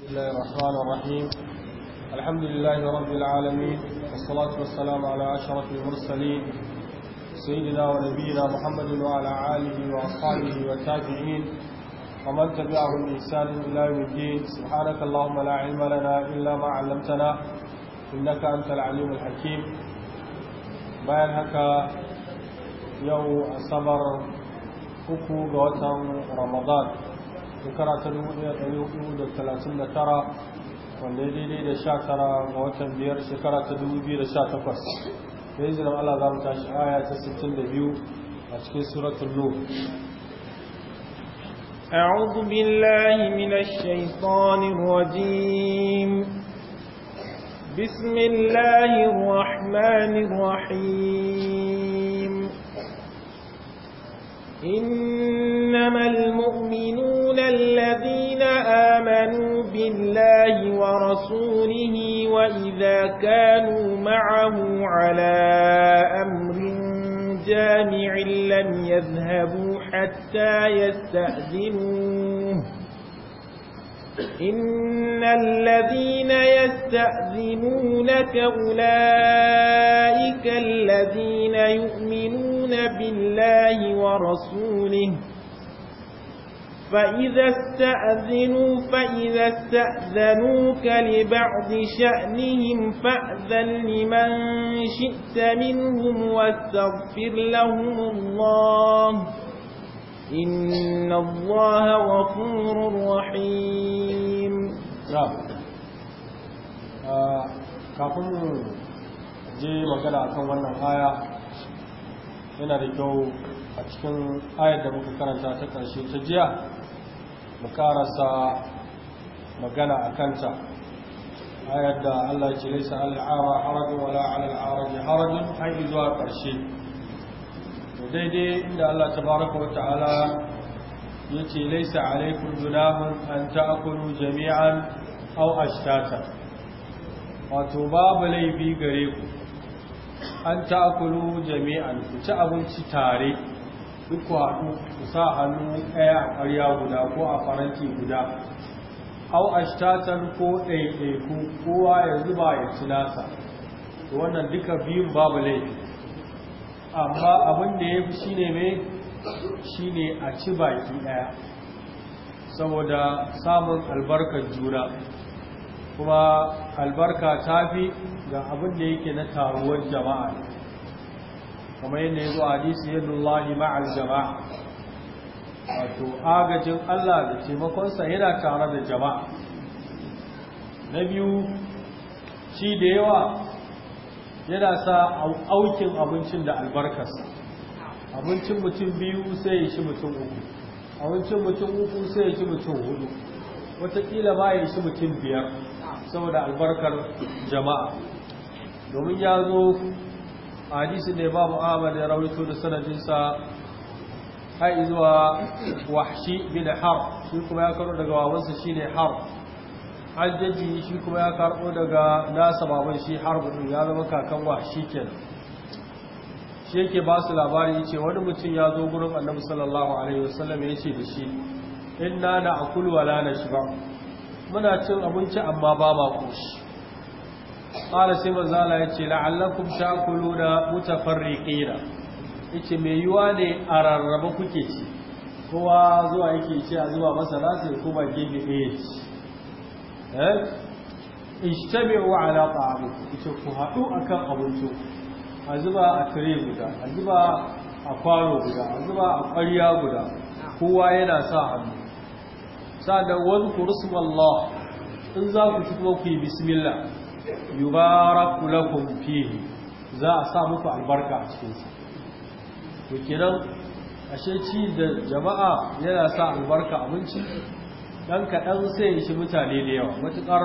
بسم الله الرحمن الرحيم الحمد لله رب العالمين والصلاة والسلام على أشرف المرسلين سيدنا ونبينا محمد وعلى آله وأصحابه والتابعين ومن تبعهم بإحسان إلى يوم الدين سبحانك اللهم لا علم لنا إلا ما علمتنا إنك أنت العليم الحكيم bayan haka yau asabar uku ga watan ramadan shekara ta 1439 wanda ya daidai da sha tara ga watan biyar shekara ta biyu da hijirar Allah za mu tashi aya ta biyu a cikin suratul nur أعوذ بالله من الشيطان الرجيم بسم الله الرحمن الرحيم إنما المؤمنون الذين آمنوا بالله ورسوله وإذا كانوا معه على أمر جامع لم يذهبوا حتى يستأذنوه إن الذين يستأذنونك أولئك الذين يؤمنون يؤمنون بالله ورسوله فإذا استأذنوا فإذا استأذنوك لبعض شأنهم فأذن لمن شئت منهم واستغفر لهم الله إن الله غفور رحيم نعم. آه، كفر جي magana akan wannan yana da kyau a cikin ayar da muka karanta ta ƙarshe ta jiya mu ƙarasa magana a kanta ayar da Allah ce laisa al'ara harajin wala al'araji harajin har zuwa ƙarshe to daidai inda Allah ta baraka wa ta'ala ya ce laisa alaikun junahun an ta'akulu jami'an au ashtata wato babu laifi gare ku an ta kulu jami'an ku ci abinci tare duk haɗu su sa hannu ɗaya a ƙarya guda ko a faranti guda au ashtatan ko ɗaiɗaiku kowa ya zuba ya ci nasa wannan duka biyun babu laifi amma abin da ya fi shi ne mai shi ne a ci baki ɗaya saboda samun albarkar juna kuma albarka ta fi ga abin da yake na taruwar jama'a Kuma yadda ya zo a yin lullahi ma'al jama'a wato agajin Allah da taimakonsa yana tare da jama'a na biyu shi da yawa yana sa aukin abincin da albarkarsa abincin mutum biyu sai ya shi mutum uku abincin mutum uku sai ya shi mutum hudu watakila ba ya shi mutum biyar saboda albarkar jama'a domin ya zo a hadisi ne babu ahmad ya rawaito da sanadinsa har zuwa wahshi bin har shi kuma ya karo daga wawansa ne har hajjaji shi kuma ya karo daga nasa baban shi har budu ya zama kakan wahshi kenan shi yake ba su labari ce, wani mutum ya zo gurin annabi sallallahu alaihi wasallam ya ce da shi inna na akulu wala ba. muna cin abinci amma ba ku shi ƙala sai zala ya ce la'allakum shakuluna mutafarriqina yace mai yiwa ne a rarraba kuke ci kowa zuwa yake ce a zuwa masa nasu ya kuma gini ɗaya ci eh alaƙa a ta'amikum yace ku haɗu akan abinci a zuba a tire guda a zuba a kwaro guda a zuba a ƙwarya guda kowa yana sa hannu sa'annan wadhkuru ismallah in za ku ci kuma ku yi bismillah yubaraku lakum fihi za a sa muku albarka a cikin sa to kenan ashe ci da jama'a yana sa albarka abinci dan kaɗan sai shi mutane da yawa matukar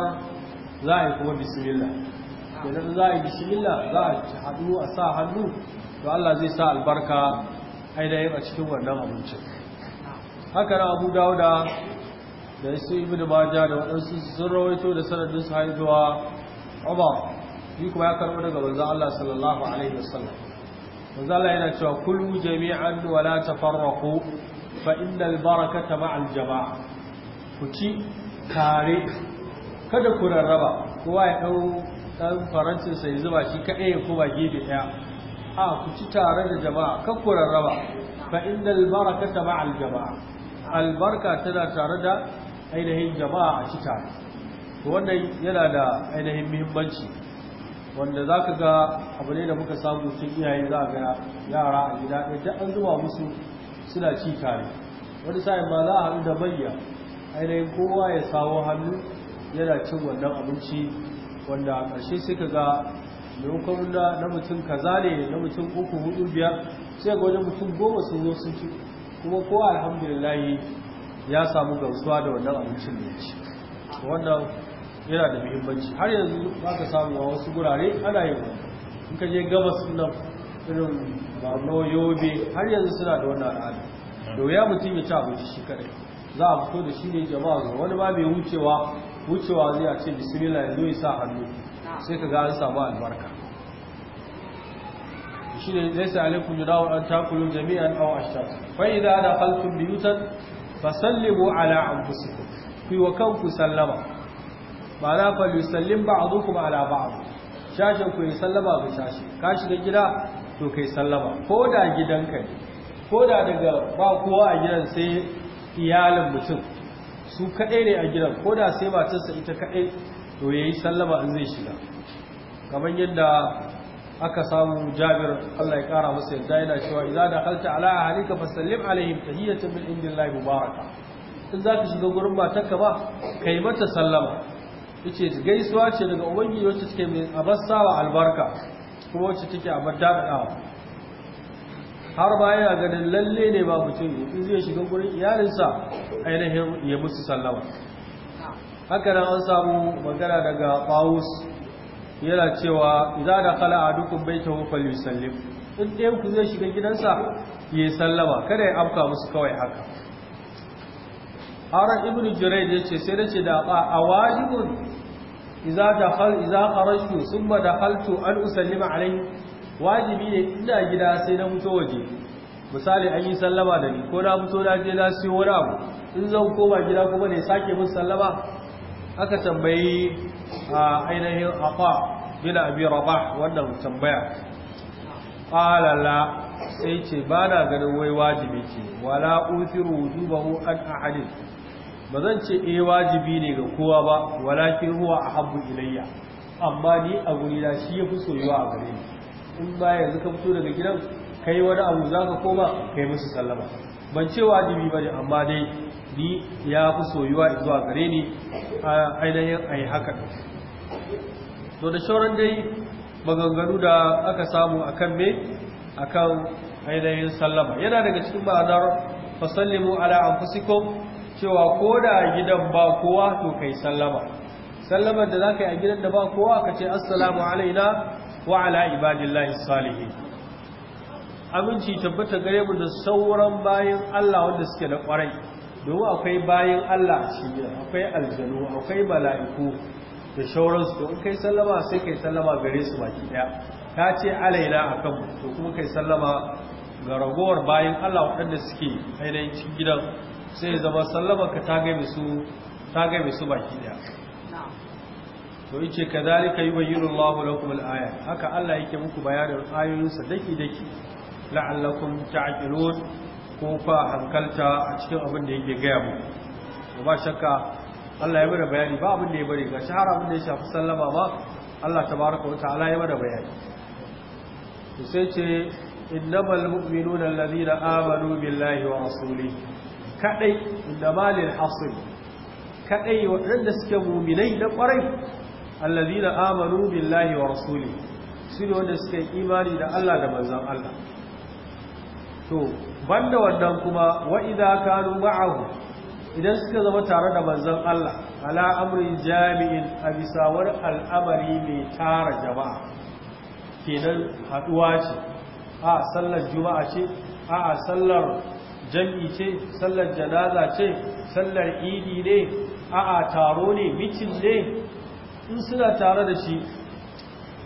za a yi kuma bismillah kenan za a yi bismillah za a ci haɗu a sa hannu to Allah zai sa albarka yi a cikin wannan abincin haka na abu dauda da su ibn Majah da waɗansu sun rawaito da sanadin su zuwa Umar yi kuma ya karɓi daga manzon Allah sallallahu alaihi wasallam manzon Allah yana cewa kullu jami'an wa la tafarraqu fa innal barakata ma'al jama'a ku ci tare kada ku rarraba kowa ya ɗau ɗan farancin sai zuba shi kaɗai ya kuma gefe ɗaya a ku ci tare da jama'a kan ku rarraba fa innal barakata ma'al jama'a albarka tana tare da ainihin jama'a a cika to wannan yana da ainihin muhimmanci wanda za ka ga abu ne da muka samu cin iyaye za a ga yara a gida ɗaya ta an zuwa musu suna ci tare wani sa'in ma za a haɗu da bayya ainihin kowa ya sawo hannu yana cin wannan abinci wanda a ƙarshe sai ka ga maimakon na mutum kaza ne na mutum uku hudu biyar sai ga wani mutum goma sun zo sun ci kuma kowa alhamdulillahi ya samu gamsuwa da wannan abincin da ya ci wannan yana da muhimmanci har yanzu ba ka samu a wasu gurare ana yin in ka je gabas nan irin barno yobe har yanzu suna da wannan al'ada da ya mutum ya ci abinci shi kadai za a fito da shi ne jama'a zuwa wani ba mai wucewa wucewa zai a ce bismillah yanzu ya sa hannu sai ka ga an samu albarka shi ne zai sa alaikum yudawu an takulun jami'an aw ashtat fa idza dakhaltum biyutan fasallimu ala anfusikum fi wa kanku sallama ba na ba a ba'dukum ala ba a shashin ku yi sallama ga shashi ka shiga gida to kai sallama ko da ka ne ko da daga ba kowa a gidan sai iyalin mutum su kaɗai ne a gidan ko da sai matarsa ita kaɗai to ya yi sallama in zai shiga kamar yadda aka samu jabir Allah ya kara masa yadda yana cewa idza dakhalta ala ahlika fasallim alaihim tahiyatan min indillahi mubaraka in ka shiga gurin matarka ba kai mata sallama yace gaisuwa ce daga ubangiji wacce take mai abassawa albarka kuma wacce take a madadawa har ba ga ganin lalle ne ba mutum in zai shiga gurin iyalinsa ainihin ya musu sallama haka nan an samu magana daga Qawus yana cewa za idza dakhala adukum baytahu falyusallim in ɗayan ku zai shiga gidansa ya sallama kada ya afka musu kawai haka haran ibnu ya ce, sai da ce da a awajibun idza dakhal idza kharajtu da dakhaltu an usallima alayhi wajibi ne ina gida sai na mutu waje misali an yi sallama da ni ko na mutu na je na siyo wani abu in zan koma gida kuma ne sake mun sallama aka tambayi A ainihin afa bin abi rabah wannan tambaya alala sai ce ba na ganin wai wajibi ce wala uthiru wujubahu an ahad ba zan ce eh wajibi ne ga kowa ba walakin huwa ahabbu ilayya amma ni a guri na shi yafi soyuwa a gare ni in ba yanzu ka fito daga gidan kai wani abu zaka koma kai musu sallama ban ce wajibi bane amma dai ni ya fi soyuwa zuwa gare ni a ainihin a yi haka to da shauran dai maganganu da aka samu a kan me a kan ainihin sallama yana daga cikin ma'anar fasallimu ala fusikon cewa ko da gidan ba kowa to kai sallama sallamar da za ka yi a gidan da ba kowa ka ce assalamu alaina wa ala ibadillahi salihin aminci tabbata gare mu da sauran bayan Allah wanda suke da kwarai domin akwai bayan Allah a ne, akwai aljanu akwai Bala'iku da shauransu Da in kai sallama sai kai sallama gare su baki daya ta ce alaina a kanmu to kuma kai sallama ga ragowar bayan Allah waɗanda suke ainihin cikin gidan sai ya zama sallama ka ta gaibe su baki gaibe To baki ce, to yi kadhalika yi Allah lakum kuma al'ayar haka Allah yake muku bayanin ayoyinsa daki daki la'allakun ta'qilun ko fa hankalta a cikin abin da yake gaya mu ba shakka Allah ya bada bayani ba abin da ya bari ga shahara abin da ya shafi sallama ba Allah tabaraka wa ta'ala ya bada bayani to sai ce innamal mu'minuna alladhina amanu billahi wa rasulihi kadai malil hasl kadai wadanda suke mu'minai da kwarai alladhina amanu billahi wa rasulihi sune wanda suke imani da Allah da manzon Allah to banda wannan kuma wa idza kanu ma'ahu idan suka zama tare da manzon Allah ala amri jami'in a al'amari mai tara jama'a kenan haduwa ce a sallar juma'a ce a sallar jami'i ce sallar janaza ce sallar idi ne a taro ne mitin ne in suna tare da shi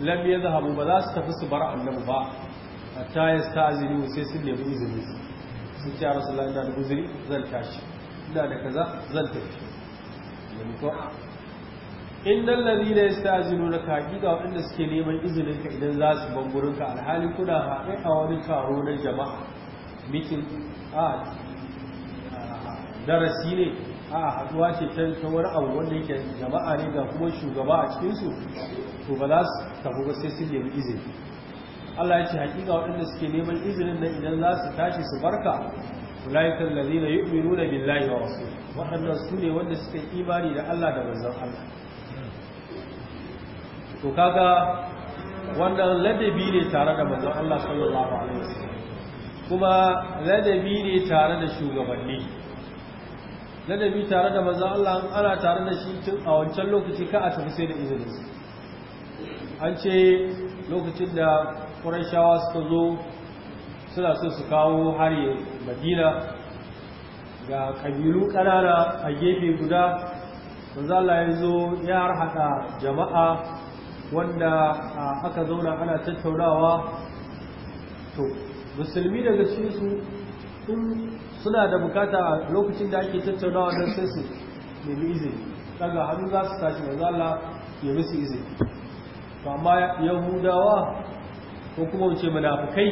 lam yadhhabu ba za su tafi su bar annabi ba hatta ya ta azini sai sun nemi izini sun ci a rasu lalata da uzuri zan tashi ina da kaza zan tafi yanzu ko innal ladina na kaki ga waɗanda suke neman izinin ka idan za su bangurin ka alhali kuna haɗe a wani taro na jama'a mitin a darasi ne a haɗuwa ce ta wani abu wanda yake jama'a ne ga kuma shugaba a cikinsu to ba za su tafi ba sai sun nemi izini Allah ya ce hakika waɗanda suke neman izinin nan idan za su tashi su barka yi allazina yu'minuna billahi wa rasul waɗanda su ne wanda suka yi imani da Allah da manzon Allah to kaga wannan ladabi ne tare da manzon Allah sallallahu alaihi wasallam kuma ladabi ne tare da shugabanni ladabi tare da manzon Allah ana tare da shi tun a wancan lokaci ka a tafi sai da izinin an ce lokacin da ƙurashawa suka zo suna so su kawo hari madina ga ƙabilu ƙanana a gefe guda manzo Allah ya zo ya harhaɗa jama'a wanda aka zauna ana tattaunawa to musulmi daga cikinsu sun suna da bukata lokacin da ake tattaunawa don sai su nemi izini daga hannu za su tashi manzo Allah ya musu izini to amma yahudawa ko kuma wuce munafukai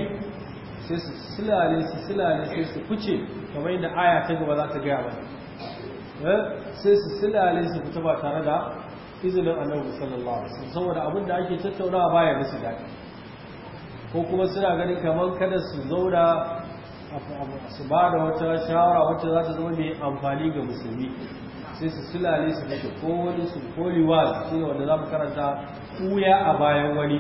sai su silale su silale sai su fice kamar yadda aya ta gaba za ta gaya mana eh, sai su silale su fita ba tare da izinin annabi sallallahu alaihi wasallam saboda abin da ake tattaunawa baya musu dadi, ko kuma suna ganin kamar kada su zauna su ba da wata shawara wacce za ta zama mai amfani ga musulmi sai su silale su kashe ko wani su koli wa su ne wanda za mu karanta kuya a bayan wani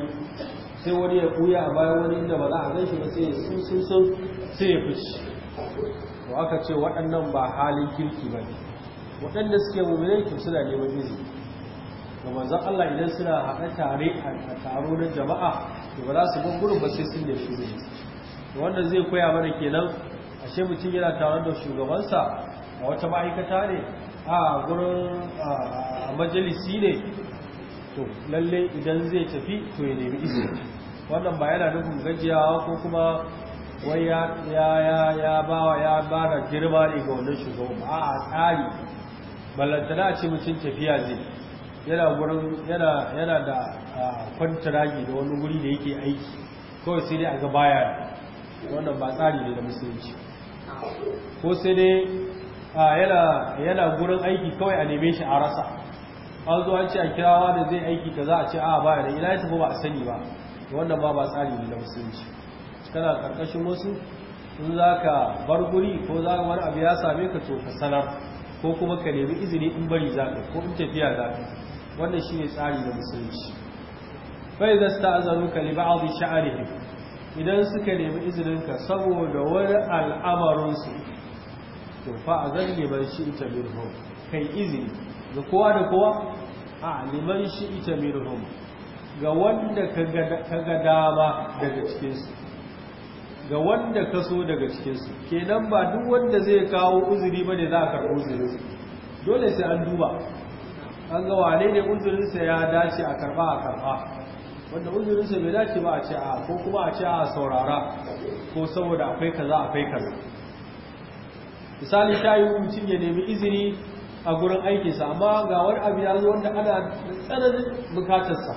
sai wani ya buya a bayan wani inda ba za a ganshi ba sai ya sun sun sai ya fice to aka ce waɗannan ba halin kirki ba ne waɗanda suke mummune to suna neman izini ga manzon Allah idan suna haɗa tare a taro na jama'a to ba za su ban gurin ba sai sun nemi izini wanda zai koya mana kenan ashe mutum yana taron da shugabansa a wata ma'aikata ne a gurin a majalisi ne to lalle idan zai tafi to ya nemi izini wannan ba yana nufin gajiyawa ko kuma wai ya ya ya bawa ya ba da girma ne ga wannan shugaban a'a tsari ballantana a ce mutum tafiya zai yana gurin yana yana da kwantaragi da wani guri da yake aiki kawai sai dai a ga baya wannan ba tsari ne da musulunci ko sai dai yana gurin aiki kawai a neme shi a rasa an zo an ce a kirawa da zai aiki kaza a ce a ba da ila ya tafi ba a sani ba wannan ba ba tsari ne na musulunci kana karkashin wasu in za ka bar guri ko za ka wani abu ya same ka to ka sanar ko kuma ka nemi izini in bari za ka ko in tafiya za ka wannan shi ne tsari na musulunci bai da sta azaru ka li ba'adhi sha'arihi idan suka nemi izinin ka saboda wani al'amarin su to fa zan ne ban shi ita minhu kai izini ga kowa da kowa a liman shi ita mirhum ga wanda ka ga dama daga cikinsu ga wanda ka so daga cikinsu kenan ba duk wanda zai kawo uzuri ba ne za a karɓi uzurinsu? dole sai an duba an ga wane ne uzurinsa ya dace a karɓa a karɓa wanda uzurinsa bai dace ba a ce a ko kuma a ce a saurara ko saboda akwai kaza akwai kaza misali ta yi mutum ya nemi izini a gurin aikinsa amma ga wani abu ya zo wanda ana tsananin bukatarsa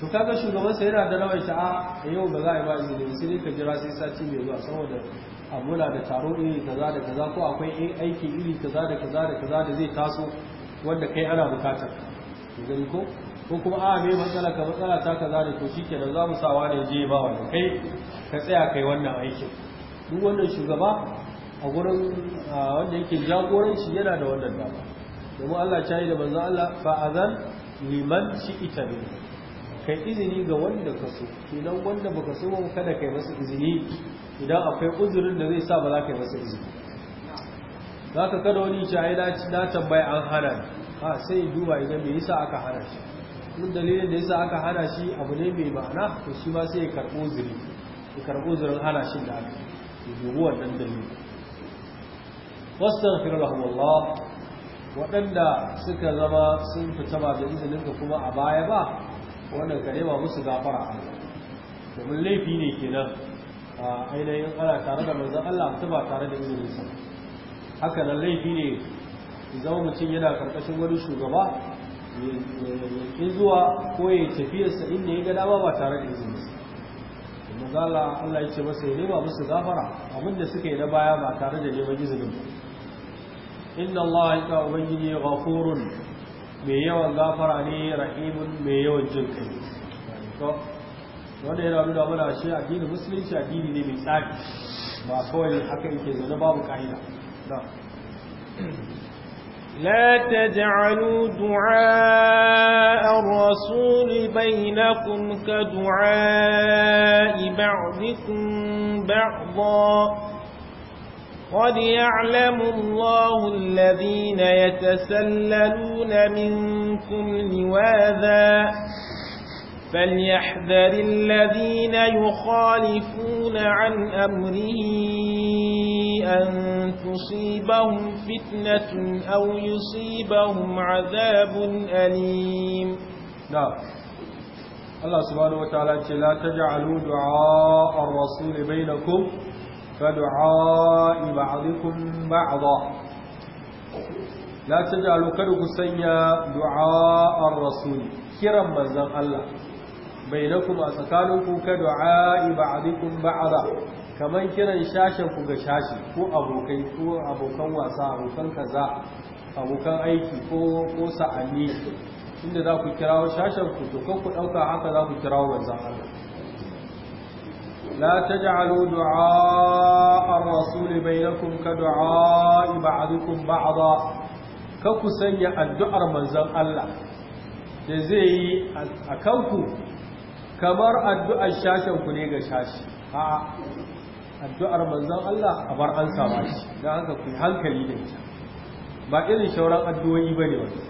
to kaga sa yana da rawar sha'a a ah, yau ba za a yi ba izini sai dai ka jira sai sati mai zuwa saboda a muna da taro iri kaza da kaza ko akwai aiki iri kaza da kaza da kaza da zai taso wanda kai ana bukatar gani ko ko kuma a ah, me matsala ka matsala ta kaza ne to shikenan za mu sawa ne je ba wanda kai ka tsaya kai wannan aikin duk wannan shugaba a gurin wanda yake jagoranci yana da wannan dama domin Allah ta yi da manzon Allah fa'azan liman ita ne kai izini ga wanda ka so kenan wanda baka so ba kada kai masa izini idan akwai uzurin da zai sa ba za ka yi masa izini za ka kada wani ce ai na tambaya an hana ha sai duba idan me yasa aka hana shi mun dalilin da yasa aka hana shi abu ne mai ma'ana to shi ma sai ya karɓo uzuri ya karɓo uzurin hana shi da aka yi dubi wannan dalilin wastaghfir lahum Allah waɗanda suka zama sun fita ba da izinin ka kuma a baya ba wannan ka nema musu gafara domin laifi ne kenan a ainihin ana tare da manzon Allah ta ba tare da izinin sa haka nan laifi ne zama mutum yana karkashin wani shugaba ya zuwa ko ya sa inda ya ga dama ba tare da izinin sa manzala Allah ya ce masa ya nema musu gafara abinda suka yi na baya ba tare da neman izinin ba inna Allah ya ubangiji ghafurun mai yawan gafara ne rahimun mai yawan jin kai to wanda yana nuna mana shi addinin musulunci addini ne mai tsari ba kawai haka yake zaune babu ka'ida لا تجعلوا دعاء الرسول بينكم كدعاء بعضكم بعضا قد يعلم الله الذين يتسللون منكم لواذا فليحذر الذين يخالفون عن أمره أن تصيبهم فتنة أو يصيبهم عذاب أليم نعم الله سبحانه وتعالى لا تجعلوا دعاء الرسول بينكم كدعاء بعضكم بعضا لا تجعلوا كدك سنيا دعاء الرسول كرا منزل الله بينكم أسكانكم كدعاء بعضكم بعضا kamar kiran shashen ku ga shashi ko abokai ko abokan wasa abokan kaza abokan aiki ko ko sa'anni inda za ku kirawo shashen ku to kan ku dauka haka za ku kirawo manzon Allah لا تجعلوا دعاء الرسول بينكم كدعاء بعضكم بعضا ككو سنيا الدعاء منزل الله جزي أكوكو كمر الدعاء الشاشة كنيغا شاشة الدعاء منزل الله أبر أنسى باش لا لأنك في حلقة ليدك ba irin shauran addu'o'i ba ne wani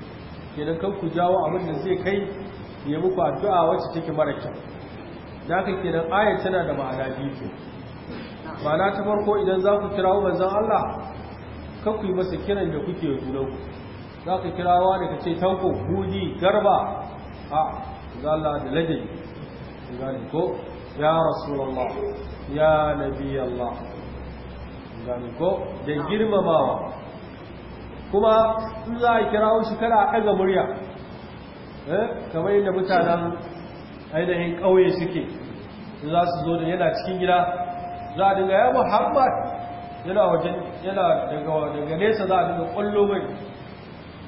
kenan kan ku jawo abin da zai kai ya muku addu'a wacce take mara kyau da ke nan ayat tana da ma'ana biyu ma'ana ta farko idan za ku kirawo manzon Allah kan ku yi masa kiran da kuke wa ku za ka kirawa da ka ce tanko Budi, garba a ga Allah da ladabi gani ko ya rasulullah ya nabi Allah gani ko da girmamawa kuma in za a kirawo shi kada a ɗaga murya eh, kamar yadda mutanen ainihin ƙauye suke za su zo da yana cikin gida za a dinga ya muhammad yana wajen yana daga nesa za a dinga ƙwallo mai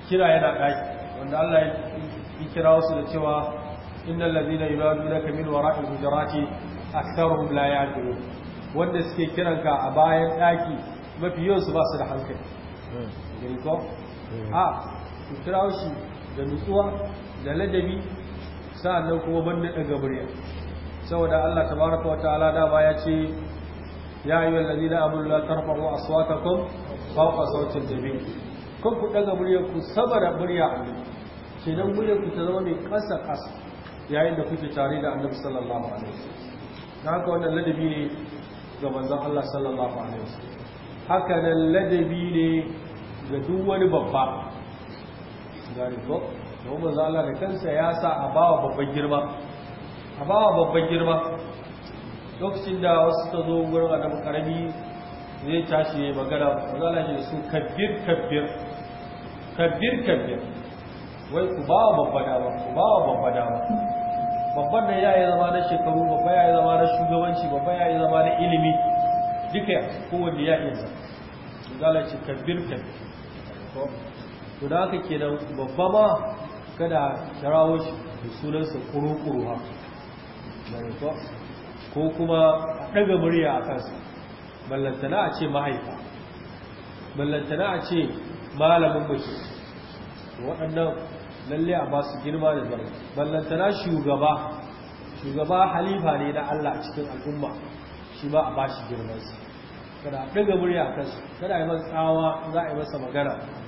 kira yana ɗaki wanda allah ya kira wasu da cewa inna lalzina yi babu na kamin wa ra'in hujjarati a tsarin laya wanda suke kiranka a bayan ɗaki mafi su ba su da hankali hmm. hmm. a kira wasu da nutsuwa da ladabi sa'annan kuma ban da daga murya saboda Allah tabaraka wa ta'ala da ba ya ce ya ayyuhal ladina amanu la tarfa'u aswatakum fawqa sawti al-jami kun ku daga murya ku sabara murya annabi kenan murya ku ta zama mai kasa kasa yayin da kuke tare da annabi sallallahu alaihi wasallam da haka wannan ladabi ne ga manzon Allah sallallahu alaihi wasallam haka nan ladabi ne ga duk wani babba gari ko domin manzo Allah da kansa ya sa a bawa babban girma a bawa babban girma lokacin da wasu ta zo wurin adam karami zai tashi ya magana manzo Allah ya su kabir kabir kabir kabir wai ku bawa babba dama ku bawa babba dama babban da ya yi zama na shekaru babba ya yi zama na shugabanci babba ya yi zama na ilimi duka kowanne ya yi zama zala ce kabir Ko to da haka kenan babba ma kada kirawo shi da sunansa kuru-kuru ha ko kuma a ɗaga murya a kansa ballantana a ce mahaifa ballantana a ce malamin mace waɗannan lalle a ba su girma da zama ballantana shugaba shugaba halifa ne na Allah a cikin al'umma shi ba a ba shi girmansa kada ɗaga murya a kansa kada yi masa tsawa za a yi masa magana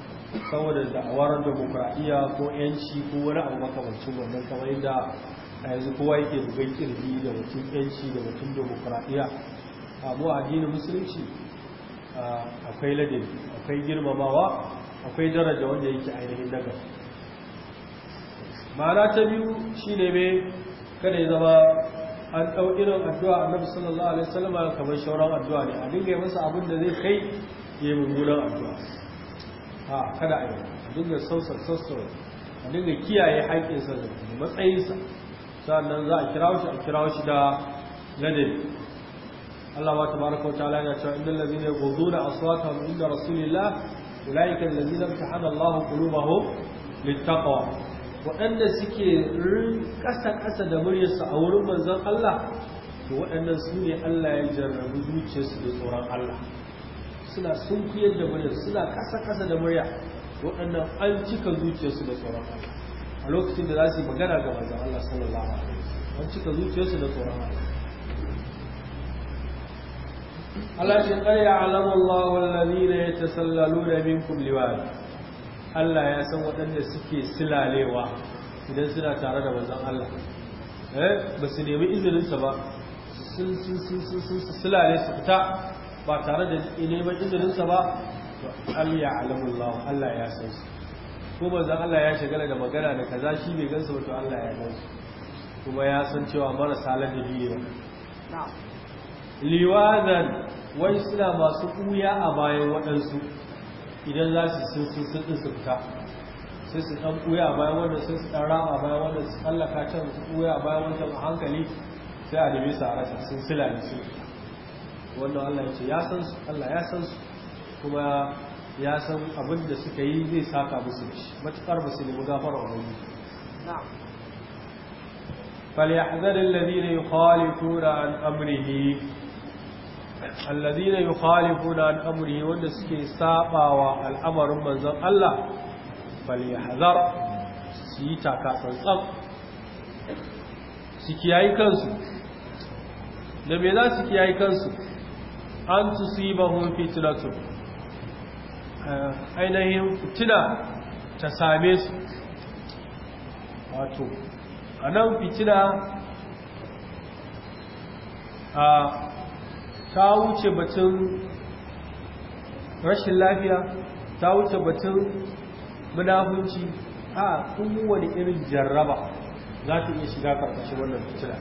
saboda da'awar demokradiyya ko yanci ko wani abu makamancin wannan kamar yadda a yanzu kowa yake bugan kirji da mutum yanci da mutum demokradiyya abu addinin musulunci akwai ladabi akwai girmamawa akwai daraja wanda yake ainihin daga ma'ana ta biyu ne mai kada ya zama an ɗau irin addu'a annabi sallallahu alaihi wasallam kamar shauran addu'a ne a dinga yi masa abin da zai kai ya yi mummunan addu'a a kada a yi dinga sausar sassar a dinga kiyaye haƙƙinsa da matsayinsa sannan za a kira shi a kira shi da ladabi Allah ba tabaraka wa ta'ala yana cewa innal ladhina yaghuduna aswatahum inda rasulillah ulaika alladhina imtahana Allah qulubahum littaqwa waɗanda suke ƙasa ƙasa da muryarsa a wurin manzon Allah to waɗannan su ne Allah ya jarrabu zuciyarsu da tsoron Allah suna sunkuyar da murya suna kasa-kasa da murya waɗannan an cika zuciyarsu da tsoron Allah a lokacin da za su yi magana ga manzon Allah sallallahu alaihi wasallam an cika zuciyarsu da tsoron Allah Allah shi kare ya alama Allah wallazina yatasallaluna minkum Allah ya san waɗanda suke silalewa idan suna tare da manzon Allah eh ba su nemi izininsa ba sun sun sun sun silale su fita ba tare da neman izininsa ba al ya alamullahu Allah ya san su ko manzon Allah ya shagala da magana da kaza shi bai gansu ba to Allah ya san su kuma ya san cewa marasa ladabi ne liwadan wai suna masu kuya a bayan waɗansu idan za su sun sun sun su fita sai su ɗan kuya a bayan wanda sun su ɗan rama a bayan wanda su tsallaka can su kuya a bayan wanda a hankali sai a nemi su a rasa sun sila ne su wannan Allah ya ce ya san su Allah ya san su kuma ya san abin da suka yi zai saka musu da shi matuƙar ba su nemi gafara ubangiji فليحذر الذين يخالفون عن أمره الذين يخالفون عن أمره ونسكي سابا والأمر من ذن الله فليحذر سيتا كاسا سب سكي أي كنسو لم يلا سكي أي كنسو an tusibahum fitnatu eh, ainihin fitina ta same su wato a nan fitila a ta wuce batun rashin lafiya ta wuce batun munafunci a wani irin jarraba za ta iya shiga karkashin wannan fitila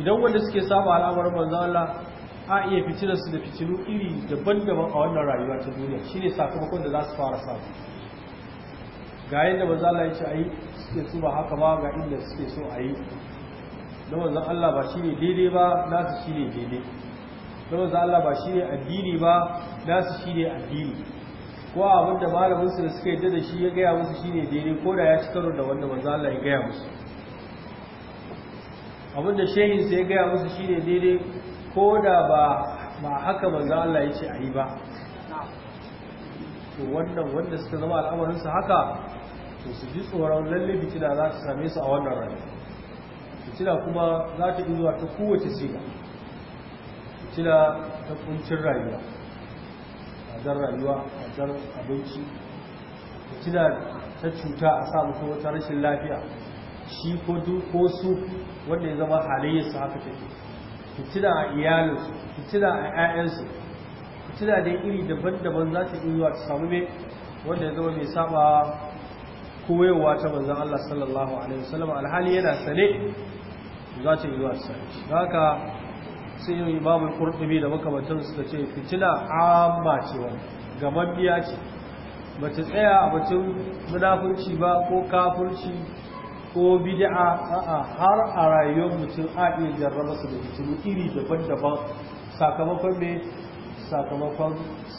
idan wanda suke saba al'amuran manzo Allah a iya fitinar su da fitilu iri daban-daban a wannan rayuwa ta duniya shine sakamakon da za su fara samu ga yadda za a yi ce yi suke su ba haka ba ga inda suke so a yi, na manzo Allah ba shine daidai ba nasu shine daidai na manzo Allah ba shine addini ba nasu shine addini ko abin da malamin su da suka yadda da shi ya gaya musu shine daidai ko da ya ci karo da wanda manzo Allah ya gaya musu abin da shehin sai ya gaya musu shine daidai ko da ba ba haka za Allah ya ce a yi ba to wannan wanda suka zama al'amarinsu haka to su ji tsoron lalle bikina za ta same su a wannan rana Bikina kuma za ta zuwa ta kowace siga Bikina ta kuncin rayuwa tsadar rayuwa tsadar abinci bikina ta cuta a sa mutum wata rashin lafiya shi ko su wanda ya zama halayyarsa haka take fitina a iyalinsu fitina a 'ya'yansu fitina da iri daban-daban za ta iya ta samu mai wanda ya zama mai saba koyowa ta manzan Allah sallallahu alaihi wasallam alhali yana sane za ta iya ta same Za haka sun yi imamul kurɗumi da makamantan su ce fitina amma ce gaban biya ce ta tsaya a batun munafunci ba ko kafurci ko bid'a a'a har a rayuwar mutum a iya jarraba su da mutum iri daban-daban sakamakon me sakamakon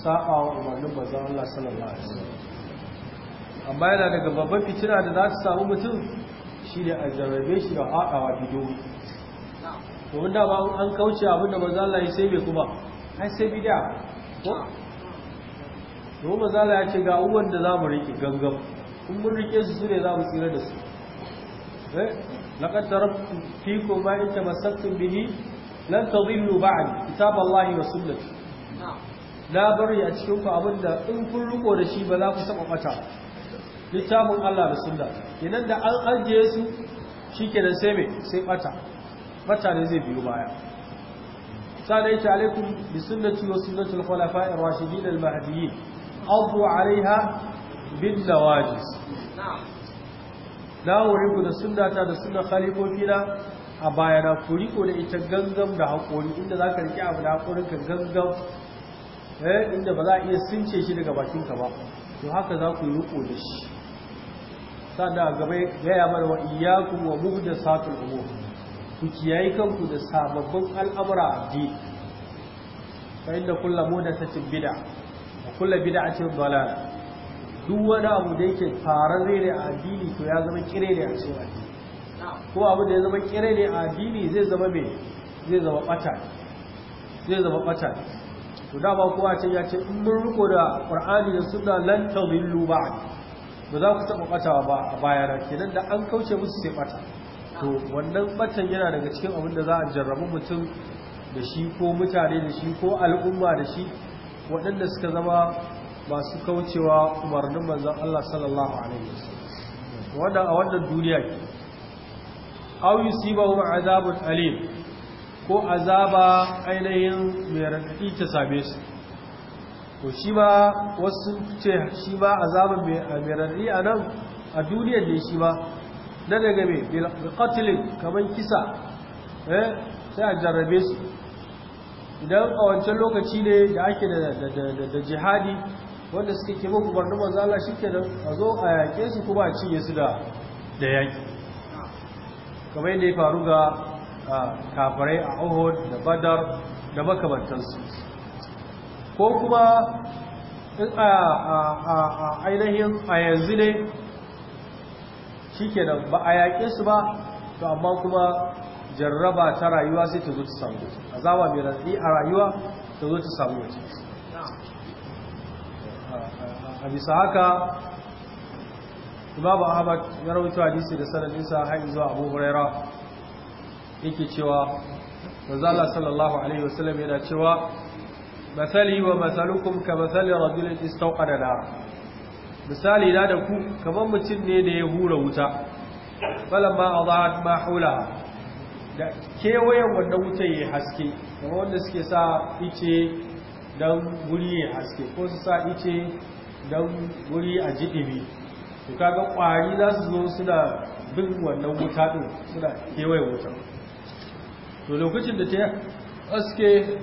sa'a wa umarnin bazan Allah sallallahu alaihi wasallam amma yana daga babban fitina da za ta samu mutum shine a jarrabe shi da haɗawa bidiyoyi domin da ba an kauce abin da bazan Allah ya sai me kuma ai sai bid'a ko domin manzon Allah ya ce ga uwan da za mu rike gangan in mun riƙe su su ne za mu tsira da su لقد تركت فيكم ما إن تمسكتم به لن تضلوا بعد كتاب الله وسنتي لا بري أتشكوك أبدا إن كل رقو رشيب لا كسب أقتا littafin Allah da sunna kenan da an ajiye su shikenan sai me sai bata bata zai biyu baya sanai ta alaikum bi sunnati wa sunnatul khulafa'i ar-rashidin al-mahdiyyin addu 'alayha bin nawajis na ku da sunnata da sunnan khalifofina a bayana ku riko da ita gangam da haƙori inda za ka riƙe abu da gangam. gangan eh, inda ba za a iya sunce shi daga bakinka ba to haka za ku yi riko da shi sada gaba yi mana wa iyyakum wa muhdathatul umur ku kiyaye kanku da sababbin al'amura a addini fa da ta cin bid'a bida a cin dalalah duk wani abu da yake zai ne a addini to ya zama kire ne a cikin addini ko abu da ya zama kire ne a addini zai zama me zai zama bata zai zama bata to da ba ce ya ce in mun riko da qur'ani da sunna lan tadillu ba'd ba za ku taba bata ba a bayana kenan da an kauce musu sai bata to wannan batan yana daga cikin abin da za a jarrabu mutum da shi ko mutane da shi ko al'umma da shi waɗanda suka zama masu kaucewa umarnin manzan Allah sallallahu alaihi wasu a wannan duniya ke ba yusibahu azabun alim ko azaba ainihin mai raɗaɗi ta same su ko shi ba wasu ce shi ba azabun mai raɗaɗi a nan a duniyar ne shi ba na daga mai bilkatilin kamar kisa eh, sai a jarrabe su idan a wancan lokaci ne da ake da jihadi wanda suke ke bin umarnin manzo Allah shikenan a zo a yake su kuma a cinye su da da yaki kamar yadda ya faru ga kafirai a Uhud da Badar da makamantansu ko kuma in a ainihin a yanzu ne shi ke ba a yake su ba to amma kuma jarraba ta rayuwa sai ta zo ta samu azaba mai raɗi a rayuwa ta zo ta samu wace a bisa haka Babu ahmad ya rawaito hadisi da sanadinsa har zuwa abu huraira yake cewa manzo Allah sallallahu alaihi wasallam yana cewa masali wa masalukum ka masali rajulin istawqada nar misali na da ku kamar mutum ne da ya hura wuta falamma a ma hula da kewayen wanda wuta yayi haske kamar wanda suke sa ice dan guri yayi haske ko su sa ice don guri a jiɗimi to kaga ƙwari za su zo suna bin wannan wuta ɗin suna kewaye wuta to lokacin da ta aske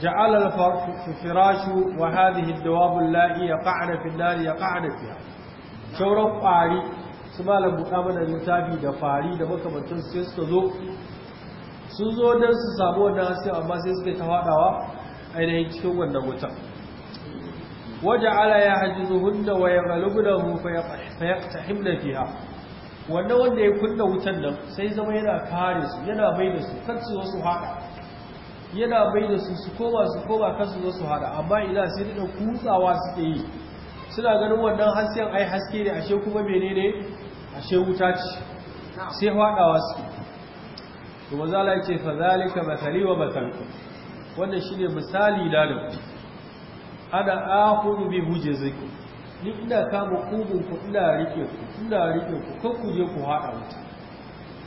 ja'ala al-firashu wa hadhihi ad-dawab allati yaqa'na fi an-nar yaqa'na fiha sauran ƙwari su ba labuka mana littafi da fari da makamantan sai suka zo sun zo don su samu wannan hasken amma sai suka ta faɗawa ainihin cikin wannan wutan وجعل يحجزهن ويغلبنه فيقتحمن فيها wannan wanda ya kunna wutan nan sai zama yana kare su yana bai da su kan su su hada yana bai da su su koma su koma kan su su hada amma ina sai da kutsawa su ke yi suna ganin wannan hasken ai haske ne ashe kuma menene ashe wuta ce sai hadawa suke to maza Allah ya ce fa zalika mathali wa mathalku wannan shine misali da da ana akhudu bi hujjazaki ni ina kama kubun ku ina rike ku ina rike ku kan ku je ku haɗa wuta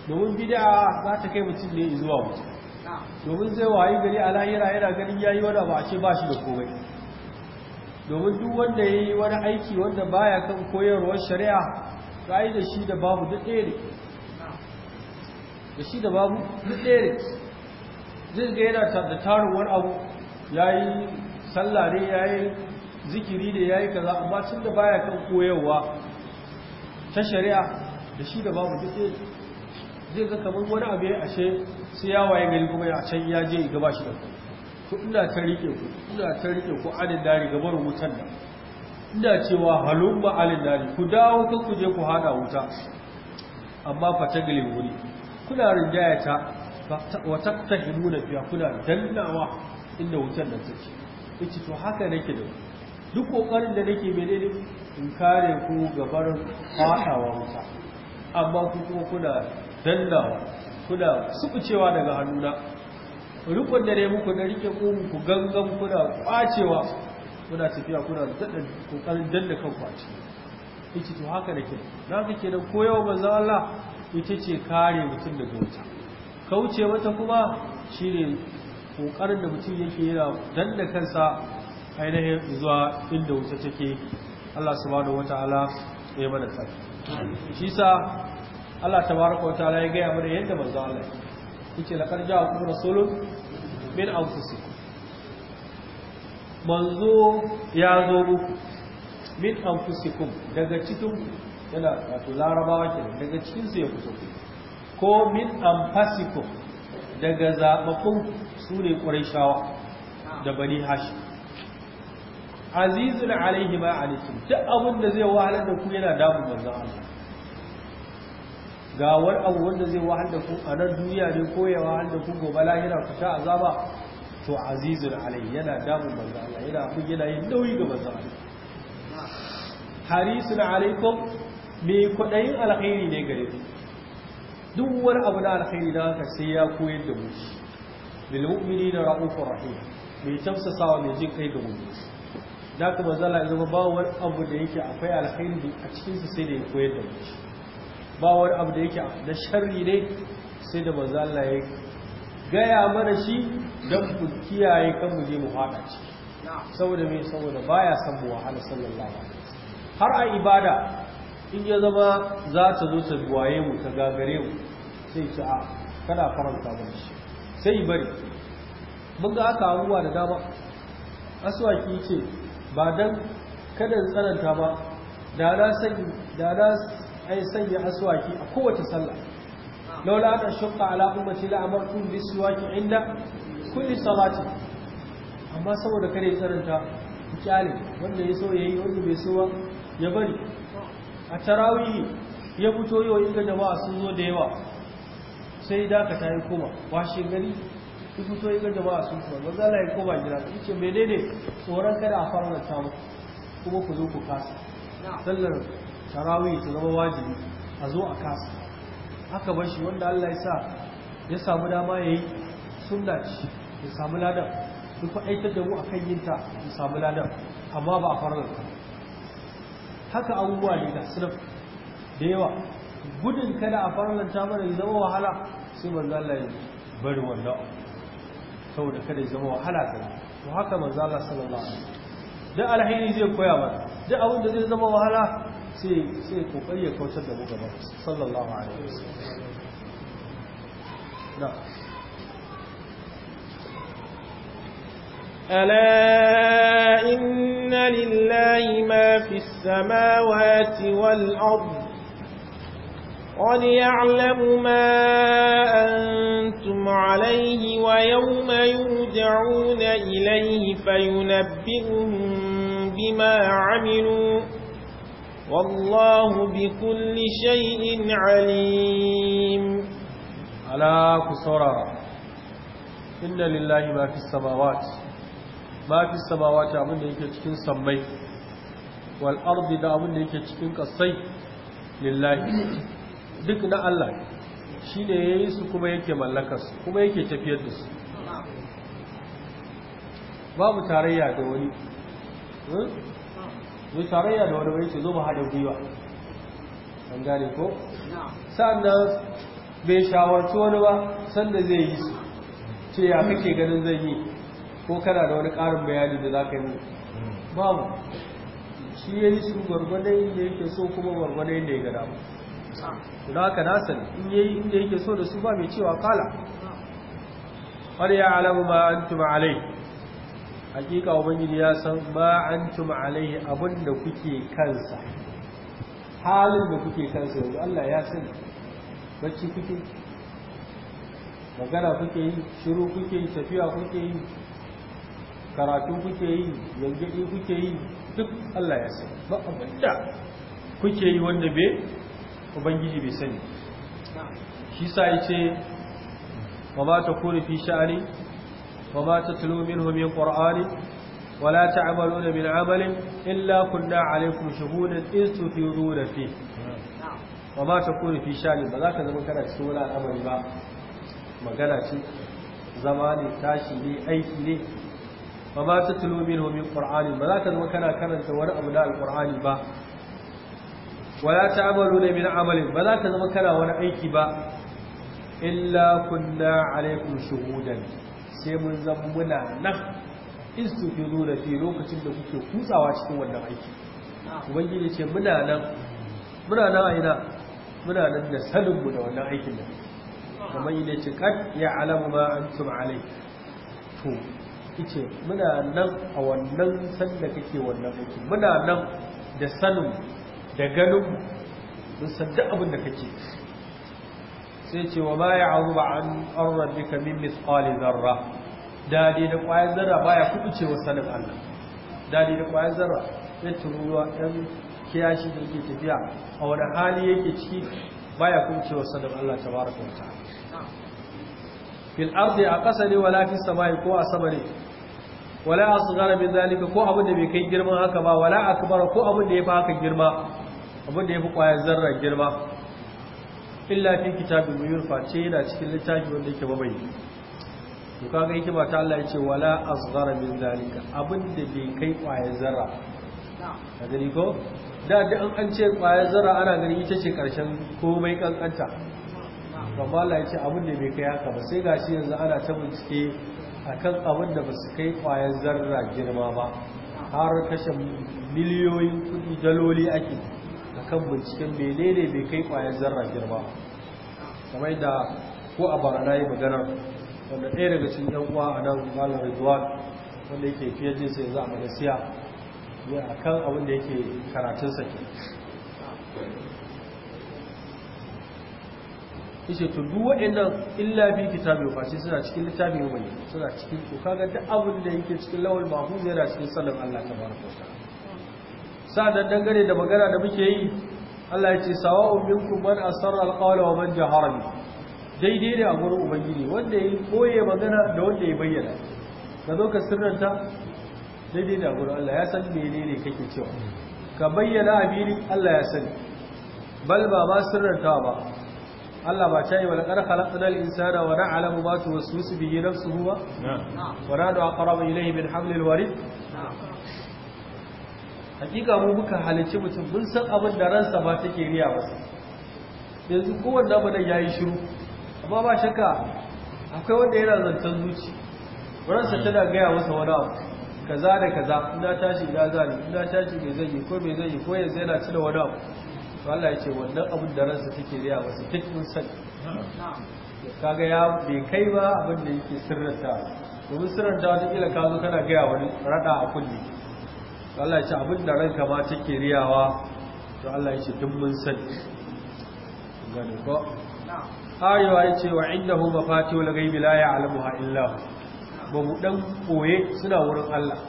domin bid'a za ta kai mutum ne zuwa wuta domin zai wayi gari a lahira yana ganin yayi wani ba ce ba shi da komai domin duk wanda yayi wani aiki wanda baya kan koyarwar shari'a ra'ayi da shi da babu duk ɗaya ne da shi da babu duk ɗaya ne zai ga yana da tarin wani abu yayi sallah ya yayi zikiri da yayi kaza amma tun da baya kan koyarwa ta shari'a da shi da babu duk zai ga kamar wani abu ya ashe sai ya waye gari kuma ya can ya je gaba shi da ku ina ta rike ku ina ta rike ku alin dari gabar wutan da. ina cewa halumma alin dari ku dawo kan ku je ku hada wuta amma gile wuri kuna rinjaya ta wa tattahimuna fiya kuna dannawa inda wutan nan take yace to haka nake da duk kokarin da nake menene in kare ku gabar fadawa wuta amma ku kuma kuna dandawa kuna cewa daga hannuna rukun da ne muku na rike ku muku gangan kuna kwacewa kuna tafiya kuna dada kokarin danna kan kwace yace to haka nake na ga kenan koyawa manzo Allah ita ce kare mutum daga wuta kauce mata kuma shine ƙoƙarin da mutum yake yana dan da kansa ainihin zuwa inda wuta take Allah subhanahu wataala ya mana tsaki shi sa Allah tabaraka wataala ya gaya mana yadda manzo Allah yake laqad kuma rasulun min anfusikum manzo ya zo muku min anfusikum daga cikin yana wato larabawa kenan daga cikin su ya fito ko min anfasikum daga zabakun su ne ƙuraishawa da bani hashim azizun alaihi ma alaikum duk abin da zai wahalar da ku yana damun manzon Allah ga wani abu wanda zai wahalar da ku a nan duniya ne ko ya wahalar da ku gobe lahira ku sha azaba to azizun alaihi yana damun manzon Allah yana kun yana yin nauyi ga manzon Allah harisun alaikum me kwaɗayin alkhairi ne gare ku duk wani abu na alkhairi da haka sai ya koyar da mu bilmumini da ra'ufur rahim mai tafsasawa mai jin kai ga mu'mini da ka bazala ya zama ba wani abu da yake akwai alkhairi a cikinsa sai da ya koyar da mu ba wani abu da yake na sharri ne sai da bazala ya gaya mana shi don ku kiyaye kan mu je mu fada ciki saboda me saboda baya san mu wahala sallallahu alaihi har a ibada in ya zama za ta zo ta waye mu ta gagare mu sai ta kada faranta mana shi sai bari mun ga aka abubuwa da dama aswaki ce ba dan kada tsananta ba da na sanya da na ai sanya aswaki a kowace sallah laula ta shaqqa ala ummati la bi suwaki inda kulli salati amma saboda kare tsananta kyale wanda ya so yayi wanda bai so ya bari a tarawih ya fito yau inda jama'a sun zo da yawa sai daka ta yi koma washe gari ki fito yi ga jama'a sun kuma ba a ya koma gida ki ce ne tsoron kada a fara ta muku kuma ku zo ku kasa sallar tarawih ta zama wajibi a zo a kasa haka ba shi wanda Allah ya sa ya samu dama yayi sunna ce ya samu ladan duk faɗaitar da mu a kan yinta ya samu ladan amma ba a fara ta haka abubuwa ne da sunan da yawa gudun kada a farlanta mana ya zama wahala sai manzo Allah ya bari wanda saboda kada ya zama wahala gare to haka manzo Allah sallallahu alaihi wasallam duk alheri zai koya ba duk abin da zai zama wahala sai sai kokari ya kautar da buga ba sallallahu alaihi wasallam ألا إن لله ما في السماوات والأرض قد يعلم ما أنتم عليه ويوم يرجعون إليه فينبئهم بما عملوا والله بكل شيء عليم على كسرى إن لله ما في السماوات ما في السماوات أمن لك تكون سمي والأرض دا أمن لك تكون قصي لله duk na Allah shi ne ya yi su kuma yake mallakarsu kuma yake tafiyar da su babu tarayya da wani zai hmm? tarayya da wani wani ce zo ba haɗa gwiwa an gane ko sa'annan bai shawarci wani ba sanda zai yi su ce ya kake ganin zai yi ko kana da wani ƙarin bayani da za ka yi babu shi ya yi su gwargwanayin da yake so kuma gwargwanayin da ya gada ba don haka nasan in yayi inda yake so da su ba mai cewa kala har ya alamu an antum alai hakika ubangiji ya san ba an antum alai abin da kuke kansa halin da kuke kansa yanzu Allah ya sani bacci kuke magana kuke yi shiru kuke yi tafiya kuke yi karatu kuke yi yanzu kuke yi duk Allah ya sani ba abinda kuke yi wanda bai ubangiji bai sani shi sa ce wa ma takunu fi sha'ani wa ma tatlu minhu min qur'ani wa la ta'maluna min 'amalin illa kunna 'alaykum shuhudan in tufiduna fi fi. wa ma takunu fi sha'ani ba za ka zama kana cikin wani al'amari ba magana ce zama ne tashi ne aiki ne wa ma tatlu minhu min qur'ani ba za ka zama kana karanta wani abu na alqur'ani ba wala ta ne min amalin ba za ka zama kana wani aiki ba illa kunna alaikum shuhudan sai mun zama muna nan istufizu da fi lokacin da kuke kutsawa cikin wannan aiki ubangiji ce muna nan muna nan a ina muna nan da saninmu da wannan aikin da kuma yi ce kad ya alamu ma an tum alai to ice muna nan a wannan sanda kake wannan aiki, muna nan da sanin da ganin mun sadda abin da kake sai ce wa ma ya'rubu an rabbika min misqali zarra dadi da kwayar zarra baya ce wa sanin Allah dadi da kwayar zarra ya turuwa dan kiyashi da yake tafiya a wani hali yake ciki baya ce wa sanin Allah tabaraka wa ta'ala fil ardi ne wala fis samai ko ne? wala asghara min zalika ko abin da bai kai girman haka ba wala akbara ko abin da ya fi haka girma abinda ya fi kwayar zarra girma illa fi kitabin muyur face yana cikin littafi wanda yake mabayi to kaga hikima ta Allah ce wala asghara min zalika abinda bai kai kwayar zarra ka gani ko da da an an ce kwayar zarra ana gani ita ce karshen komai kankanta amma Allah ce abinda bai kai haka ba sai gashi yanzu ana ta bincike akan abinda ba su kai kwayar zarra girma ba har kashe miliyoyin kuɗi daloli ake kan binciken menene bai kai kwayan zarra girma kamar da ko a barana yi maganar wanda ɗaya daga cikin yan uwa a nan malam ridwan wanda yake fiye jin sai za a malasiya ne a kan abin da yake karatun sa ke yace to duk waɗannan illa bi kitabi fa sai suna cikin littafin wani, suna cikin to kaga duk abin da yake cikin lawal mahfuz yana cikin sanin Allah tabaraka wa ta'ala sa'an dangane da magana da muke yi Allah ya ce sawa'un minkum man asarra alqawla wa man jahara bi daidai ne a gurin ubangiji wanda ya koye magana da wanda ya bayyana ka zo ka sirranta daidai ne a gurin Allah ya san menene kake cewa ka bayyana a abili Allah ya sani bal ba ma sirranta ba Allah ba ta yi wani ƙar halatta insana wa na'alamu ba tu wasu su biyi nafsu huwa wa na da aqrabu ilayhi min hablil warid hakika mu muka halicci mutum mun san abin da ransa ba take riya ba yanzu kowanne mu ya yi shiru amma ba shakka akwai wanda yana zantan zuci ransa tana gaya masa wani abu kaza da kaza ina tashi ina in ina tashi me zai yi ko me zai yi ko yanzu yana cire wani abu to Allah ya ce wannan abin da ransa take riya ba take mun sani kaga ya bai kai ba abin da yake sirrinta. domin sirrinta wata kila ka zo kana gaya wani rada a kunne. Allah ya ce abin da ranka ma take riyawa to Allah ya ce duk mun sani gane ko ayewa ya ce wa indahu mafatihul ghaibi la ya'lamuha illa hu ba mu dan koye suna wurin Allah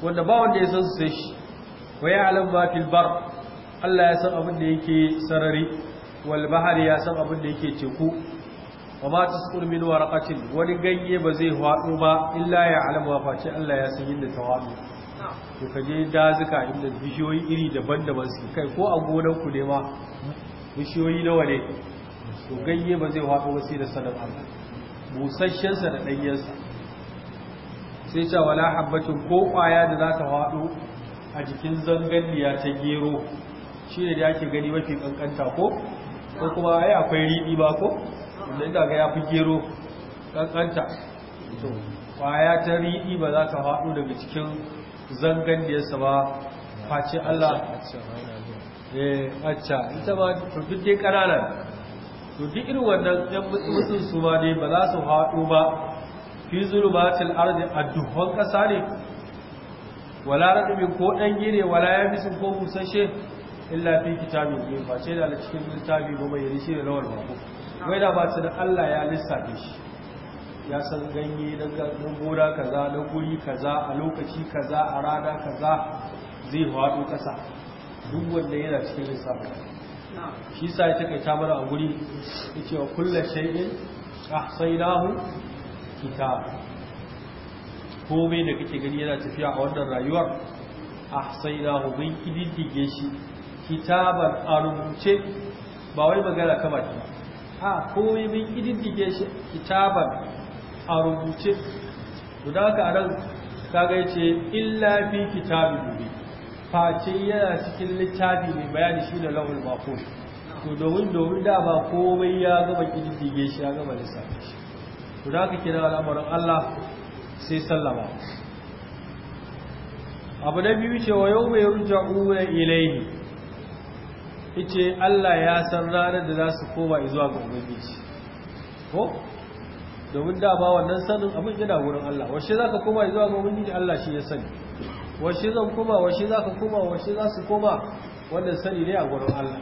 wanda ba wanda ya san su sai shi wa ya'lamu ma fil bar Allah ya san abin da yake sarari wal bahari ya san abin da yake teku wa ma tasqul min waraqatin wani ganye ba zai hwado ba illa ya'lamu fa ce Allah ya san yadda ta hwado to ka je dazuka inda bishiyoyi iri daban-daban su kai ko a gonar ku ne ma bishiyoyi nawa ne to ganye ba zai hafi wasi da sanar Allah busasshensa da ɗanyensa sai ce wala habbatun ko ƙwaya da za ta waɗo a jikin zanganniya ta gero shi ne da ake gani mafi ƙanƙanta ko ko kuma ya akwai riɗi ba ko wanda inda ga ya fi gero ƙanƙanta ƙwaya ta riɗi ba za ta waɗo daga cikin zangan da ya saba face Allah eh acca ita ba to duk dai ƙanana to duk irin wannan 'yan mutum su ba dai ba za su haɗu ba fi zulubatil ardi adduhon kasa ƙasa ne wala raɗumin ko ɗan gire wala ya bisin ko musashe. illa fi kitabin ne face da cikin littafi ba mai rishi shi da lawal mako wai da ba su da Allah ya lissafe shi ya san ganye na gora kaza na guri kaza a lokaci kaza a rana kaza zai haɗu ƙasa duk wanda yana cikin lissafi shi sa ya takaita mana a guri ya ce wa kulla shai'in nahu, kitab komai da kake gani yana tafiya a wannan rayuwar nahu bin kididdige shi kitaban a rubuce ba wai magana kamar ki a komai bin kididdige shi kitaban a rubuce su da aka ran kaga ce illa fi kitabi mubin face yana cikin littafi mai bayani da lawul bako to domin domin da ba komai ya gama kididdige shi ya gama lissafi shi su da aka kira al'amarin Allah sai sallama abu na biyu ce wa yau mai ruja'una ilaihi ice Allah ya san ranar da za su koma zuwa ga ubangiji ko domin da ba wannan sanin abin yana wurin Allah washe zaka koma zuwa ga ubangiji Allah shi ya sani washe zan koma washe zaka koma washe za su koma wannan sani ne a gurin Allah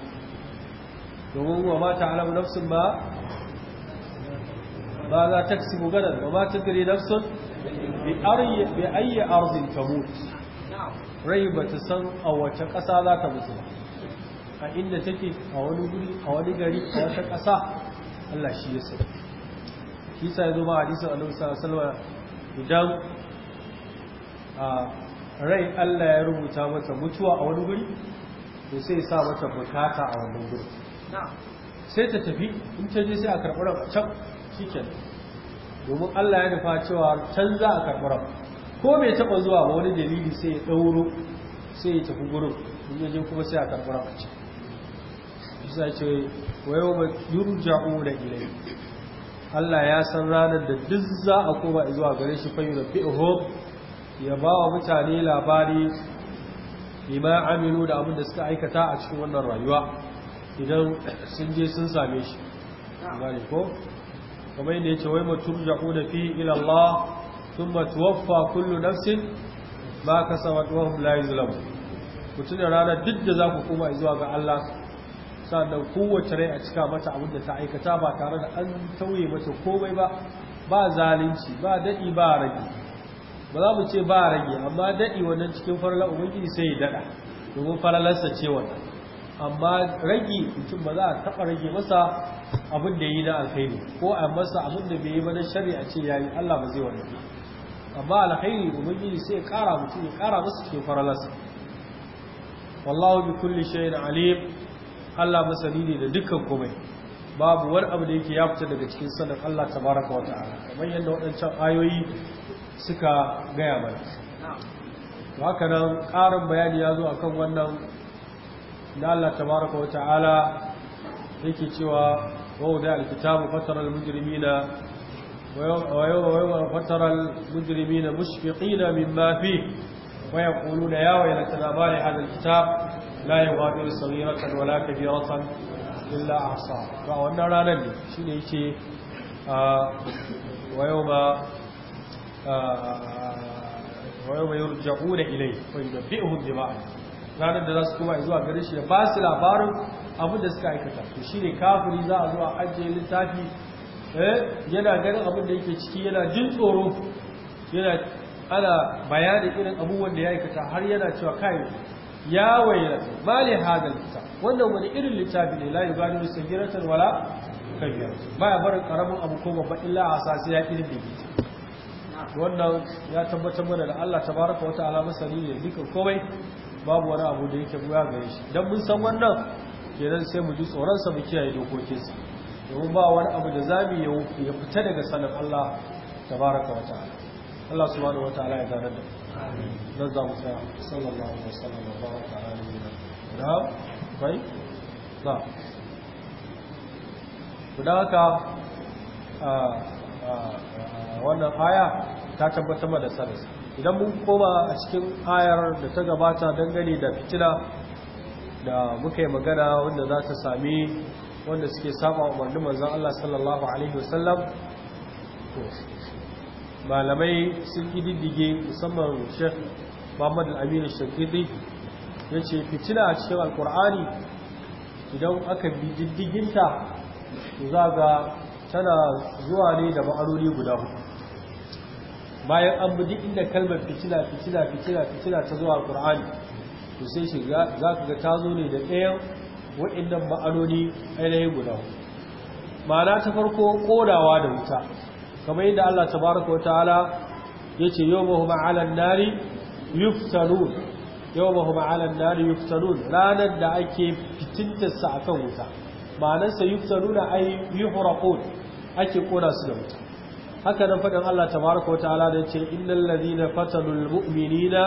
domin wa ma ta'lamu nafsun ba ba za ta kasibu gadan wa ma gari nafsun bi aryi bi ayi ardin tamut rai ba ta san a wace ƙasa za ta mutu a inda take a wani guri a wani gari a wata ƙasa Allah shi ya sani shi sa ya zo ma hadisin annabi sallallahu alaihi wasallam idan rai Allah ya rubuta mata mutuwa a wani guri to sai ya sa mata bukata a wannan guri sai ta tafi in ta je sai a karɓi a can shiken domin Allah ya nufa cewa can za a karɓi ko bai taɓa zuwa ba wani dalili sai ya ɗauro sai ya tafi gurin in ya je kuma sai a karɓi a can isa ce wa yau yurja'u da ilai Allah ya san ranar da duk za a koma zuwa gare shi fa yunabbi'uhum ya ba wa mutane labari bima aminu da abin da suka aikata a cikin wannan rayuwa idan sun je sun same shi gane ko kamar ya ce wai maturja'u da fi ila Allah thumma tuwaffa kullu nafsin ma kasabat wa hum la Ku tuna ranar duk da za ku koma zuwa ga Allah sannan kowace rai a cika mata abin da ta aikata ba tare da an tauye mata komai ba ba zalunci ba daɗi ba rage ba za mu ce ba rage amma daɗi wannan cikin farla ubangiji sai ya daɗa domin faralarsa ce wannan amma rage mutum ba za a taɓa rage masa abin da ya yi na alkhairi ko a masa abin da bai yi ba na shari'a ce ya yi allah ba zai wani amma alkhairi ubangiji sai ya ƙara mutum ya ƙara masa cikin faralarsa wallahu bi kulli shay'in alim Allah masani ne da dukkan komai babu wani abu da yake ya fita daga cikin sanin Allah tabaraka wa ta'ala kamar yadda waɗancan ayoyi suka gaya mana to haka nan ƙarin bayani ya zo akan wannan da Allah tabaraka wa ta'ala yake cewa wa da alkitabu fataral mujrimina wa yawma fataral mujrimina mushfiqina mimma fihi ويقولون يا ويلتنا ما لهذا الكتاب لا يغادر صغيرة wala كبيرة illa أعصى فأنا a wannan ranar ne ويوم ويوم wa إليه wa yawma yurja'una ilayhi fa yunabbi'uhum bima ranar da za su kuma شيني كافر shi da ba su suka aikata za a zuwa littafi yana ganin abin da yake ciki yana jin tsoro yana ana bayani irin abubuwan da ya aikata har yana cewa kai ya wailata mali hadal kitab wannan wani irin littafi ne la yugadiru sagiratan wala kabira baya barin karamin abu ko babba illa asasi ya irin dake wannan ya tabbatar mana da Allah tabaraka wa ta'ala masani ne dukan komai babu wani abu da yake buya gare shi dan mun san wannan kenan sai mu ji tsoron sa mu kiyaye dokokinsa domin ba wani abu da zamu yi ya fita daga sanin Allah tabaraka wa ta'ala Allah wata ala ya gane da dan za mu sa sallallahu alaihi wasallam wa baraka ala nabiyina da bai da guda haka wannan aya ta tabbatar da salas idan mun koma a cikin ayar da ta gabata dangane da fitina da muka yi magana wanda za ta sami wanda suke saba umarnin manzon Allah sallallahu alaihi wasallam to malamai sun diddige musamman shek muhammad al'amir aminu shakidi ya ce fitina a cikin alkur'ani idan aka bi diddiginta za ga tana zuwa ne da ma'anoni guda hudu bayan an bi duk inda kalmar fitina fitina fitina fitina ta zuwa alkur'ani to sai shi za ka ga ta zo ne da ɗayan waɗannan ma'anoni ainihin guda hudu ma'ana ta farko kodawa da wuta kamar yadda Allah tabaraka wataala yace yawmahum 'alan nari yuftarun yawmahum 'alan nari yuftarun ranar da ake fitinta su akan wuta ma'anar sa yuftaruna ay yuhraqun ake kora su da wuta haka nan fadin Allah tabaraka wataala da yace innal ladina fatalul mu'minina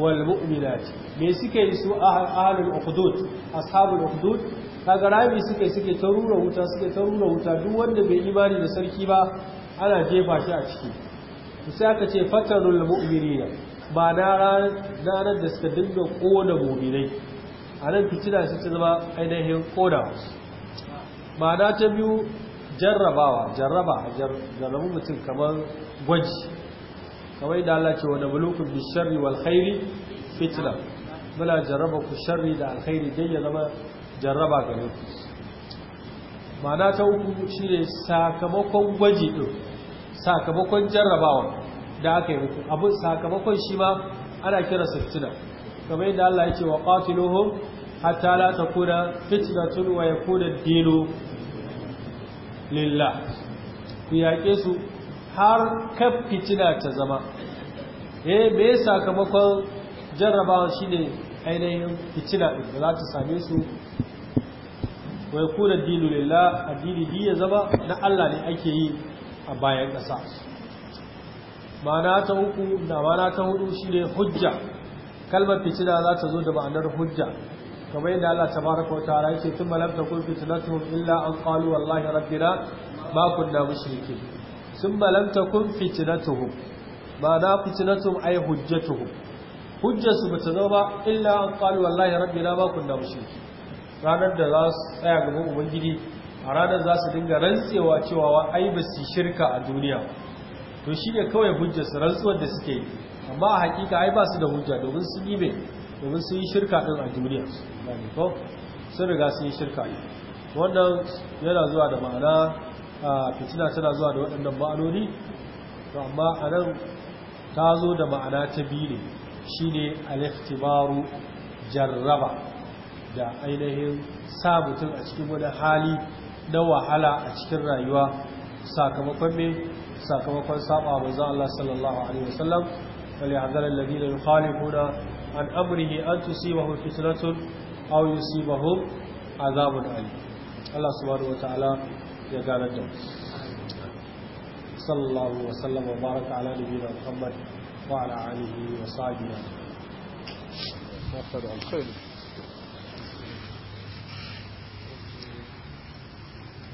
wal mu'minati me suke yi su ah, ahlul ukhdud ashabul ukhdud kaga rami suke suke ta rura wuta suke ta rura wuta duk wanda bai imani da sarki ba ana jefa shi a ciki sai aka ce fatarul mu'minina ba na ranar da suka dinga kona mu'minai a nan fitina su ci zama ainihin kona ba na ta biyu jarrabawa jarraba jarrabu mutum kamar gwaji kawai da Allah ce wani mulukun bi sharri wal khairi fitna muna jarraba ku sharri da alkhairi dai ya zama jarraba ga ku ma'ana ta uku shi ne sakamakon gwaji ɗin sakamakon jarrabawa da aka yi muku abin sakamakon shi ma ana kira sattina kamar yadda Allah ya ce wa qatiluhum hatta la takuna fitnatun wa ya kuna dino lillah ku yaƙe su har kaf fitina ta zama eh me sakamakon jarrabawa shine ainihin fitina ɗin da za ta same su wai kuna dinu lillah addini di ya zama na Allah ne ake yi a bayan ƙasa ma'ana ta uku da ma'ana ta hudu shine hujja kalmar fitina za ta zo da ma'anar hujja kamar yadda Allah tabaraka wa ta'ala yake tun malam ta kun fitnatuhum illa an qalu wallahi rabbina ma kunna mushrikin sun malam ta kun fitnatuhum ma'ana fitnatuhum ay hujjatuhum hujjarsu ba zo ba illa an qalu wallahi rabbina ma kunna mushrikin ranar da za su tsaya gaban ubangiji a ranar za su dinga rantsewa cewa wa ai ba su shirka a duniya to shi ne kawai hujjar su rantsuwar da suke yi amma a hakika ai ba su da hujja domin sun yi domin sun yi shirka ɗin a duniya sun riga sun yi shirka wannan yana zuwa da ma'ana a fitina tana zuwa da waɗannan ma'anoni to amma a nan ta zo da ma'ana ta biyu ne shine al-ikhtibaru jarraba da ainihin sa sabutun a cikin wani hali na wahala a cikin rayuwa sakamakon me sakamakon saba ba za Allah sallallahu alaihi wasallam kalli hadar alladhi la yukhalifuna an amrihi an tusibahu fitnatun aw yusibahu azabun ali Allah subhanahu wa ta'ala ya gara da sallallahu wa sallam wa baraka ala nabiyyina Muhammad wa ala alihi wa sahbihi ma